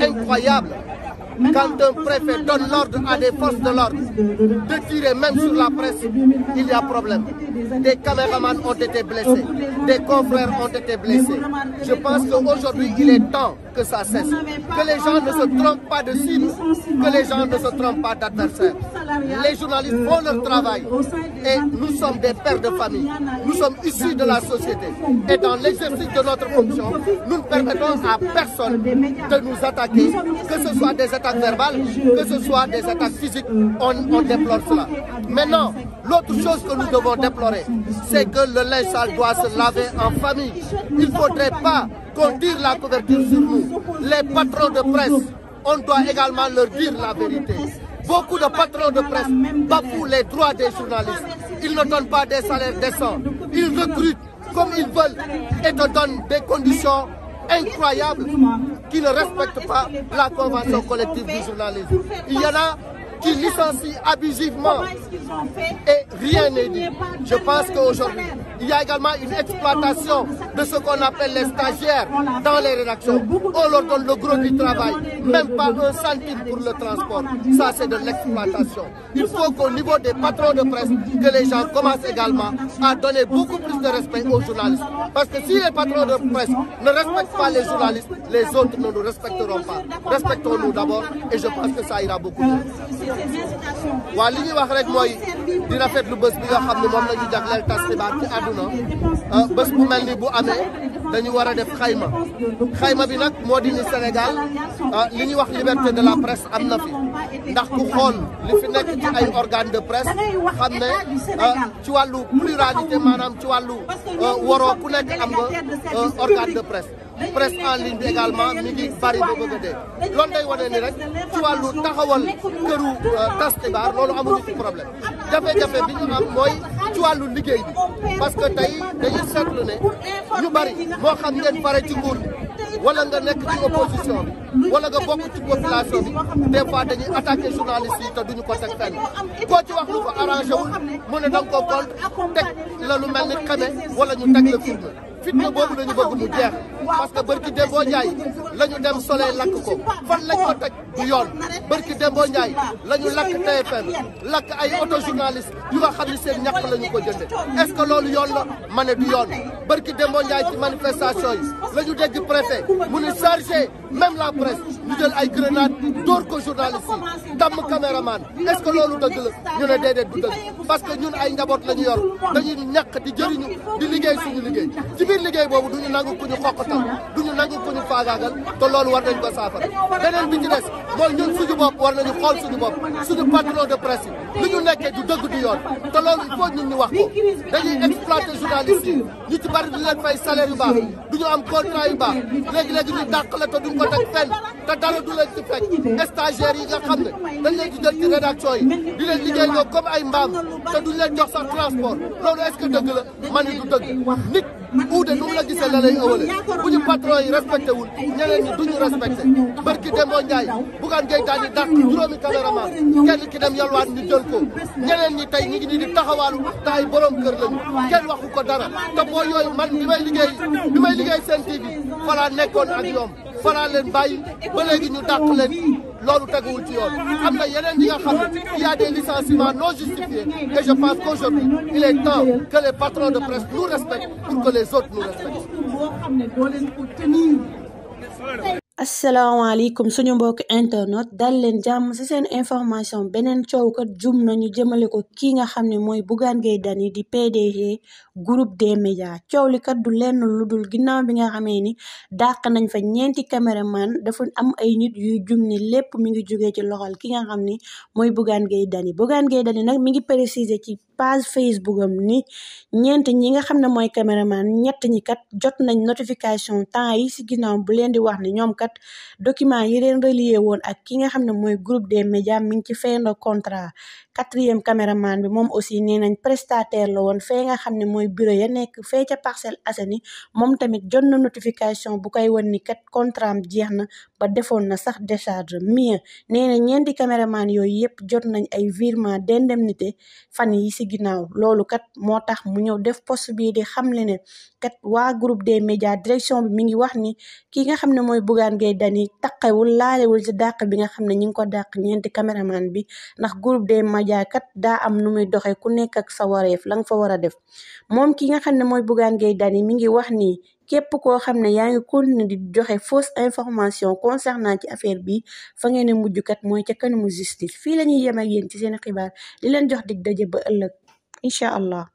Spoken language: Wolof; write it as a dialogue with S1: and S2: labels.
S1: incroyable quand un préfet donne l'ordre à des forces de l'ordre de même sur la presse, il y a problème. Des caméramans euh, ont été blessés, des confrères ont été blessés. Je pense qu'aujourd'hui, il est temps que ça cesse, que les gens ne se trompent pas de cible, que les gens ne se trompent pas d'adversaires. Les journalistes font leur travail et nous sommes des pères de famille, nous sommes issus de la société et dans l'exercice de notre fonction, nous ne permettons à personne de nous attaquer, que ce soit des attaques verbales, que ce soit des attaques physiques, euh, on, déplore cela. Maintenant, l'autre chose que nous devons déplorer, c'est que le linge doit se qu'on la couverture sur nous. Les patrons de presse, on doit également leur dire la vérité. Beaucoup de patrons de presse bafouent les droits des journalistes. Ils ne donnent pas des salaires décents. Ils recrutent comme ils veulent et te donnent des conditions incroyables qui ne respectent pas la convention collective du journalisme. Il y en a qui licencient abusivement et rien n'est dit. Je pense qu'aujourd'hui, il y a également une exploitation de ce qu'on appelle les stagiaires dans les rédactions. On leur donne le gros du travail, même pas un centime pour le transport. c'est de l'exploitation. Il faut qu'au niveau des patrons de presse, que les gens commencent également à donner beaucoup plus de respect aux journalistes. Parce que si les patrons de presse ne respectent pas les journalistes, waaw li ñuy wax rek mooy di lu bés bi nga xam ne moom la ñu jagleel tas xibaar ci àdduna euh, bés bu mel ni bu amee dañu war def xayma xayma bi nag moo di ni Sénégal euh, li ñuy wax liberté de la presse am na fi ndax ku xool li fi nekk ci ay organe de presse xam ne euh, ci wàllu pluralité maanaam ci wàllu waroo ku nekk am nga organe de presse. presse en ligne bi également mi ngi bari ba bëgg a dee loolu day wane ni rek ci wàllu taxawal këru euh, tas xibaar loolu amuñu ci problème jafe-jafe bi ñu am mooy ci wàllu liggéey bi parce que tey dañuy seetlu ne ñu bari moo xam ngeen pare ci nguur wala nga nekk ci opposition bi wala nga bokk ci population bi des fois dañuy te duñu ko teg fenn koo ci wax lu ko arrangé mu ne da ko contre teg la lu mel ni xame wala ñu teg la firnde fitna boobu parce que bërki Dembo Ndiaye la ñu dem soleil lakk ko fan lañ ko du yoon bërki Dembo Ndiaye la ñu lakk TFM lakk ay auto journaliste yu nga xam seen ñàkk la ñu ko jënde est-ce que loolu yoon la ma du yoon bërki Dembo Ndiaye ci manifestation yi la ñu dégg mu ne chargé même la presse ñu jël ay grenade dóor ko journaliste yi damm caméraman est que loolu dëgg la ñu ne déedéet du dëgg parce ñun ay njaboot la ñu yor dañuy di jëriñu di liggéey suñu liggéey ci biir taxaw du ñu nangu ku ñu faagaagal te loolu war nañ ko saafara beneen bi ci des mooy ñun suñu bopp war nañu xool suñu bopp suñu patron de presse ñu nekkee du dëgg du yoon te loolu il faut ñun wax ko dañuy exploiter journaliste ñu ci bari di leen fay salaire baax du ñu am contrat baax léegi-léegi ñu dàq la te duñ ko teg fenn te dara du leen ci fekk stagiaires yi nga xam ne dañ leen di jël ci rédaction yi di leen liggéey ñoo comme ay mbaam te duñ leen jox sax bu ñu duñu respecté barki Demba Ndiaye Bougane Gueye daal dàq juróomi caméraman kenn ki dem yalwaan ñu jël ko ñeneen ñi tey ñi ngi nii di taxawaalu waxu ko dara te moo bi may liggéey bi may nekkoon ak ñoom falaa leen ñu dàq leen loolu teguwul ci yoon yeneen yi nga xam ne il y a des licenciements non justifiés et je pense qu'aujourd'hui il est temps
S2: que les patrons de presse
S1: nous respectent pour boo
S2: xam asalaamaaleykum suñu mbokk internet dal leen jàmm si seen information beneen coow kat jum nañu jëmale ko kii nga xam ne mooy Bougane Gueye Dany di PDG groupe des médias coow li kat du lenn lu dul ginnaaw bi nga xamee ni dàq nañ fa ñeenti caméraman dafa am ay nit yuy jum ni lépp mi ngi jugee ci loxol ki nga xam ni mooy Bougane Gueye Dany Bougane Gueye Dany nag mi ngi préciser ci page :fra facebook :en am ni ñeent ñi nga xam ne mooy caméraman :fra ñett ñi kat jot nañ notification temps :fra yii si ginnaaw bu leen di wax ne ñoom kat documents :fra yi leen relier :fra woon ak ki nga xam ne mooy groupe :fra des :fra médias mi ngi ci fin :fra contrat quatrième caméraman bi moom aussi nee nañ prestataire la woon fee nga xam ne mooy bureau ya nekk fee ca Parcelles Assainies moom tamit jot na notification bu koy wan ni kat contrat am jeex na ba defoon na sax décharge mieux nee na ñeenti caméraman yooyu yëpp jot nañ ay virement d'indemnité fan yi si ginnaaw loolu kat moo tax mu ñëw def poste bii di xamle ne kat waa groupe des médias direction mi ngi wax ni ki nga xam ne mooy Bougane Gueye Dany taqewul laalewul ci dàq bi nga xam ne ñi ngi ko dàq ñeenti caméraman bi ndax jaay kat daa am nu muy doxee ku nekk ak sa wareef la fa war a def moom ki nga xam ne mooy Bougane Gueye Dany mi ngi wax nii képp koo xam ne yaa ngi continuer di joxe fausse information concernant ci affaire bi fa ngeen ne kat mooy ca kanamu justice fii la ñuy yem ak yéen ci seen xibaar li leen jox dig daje ba ëllëg incha allah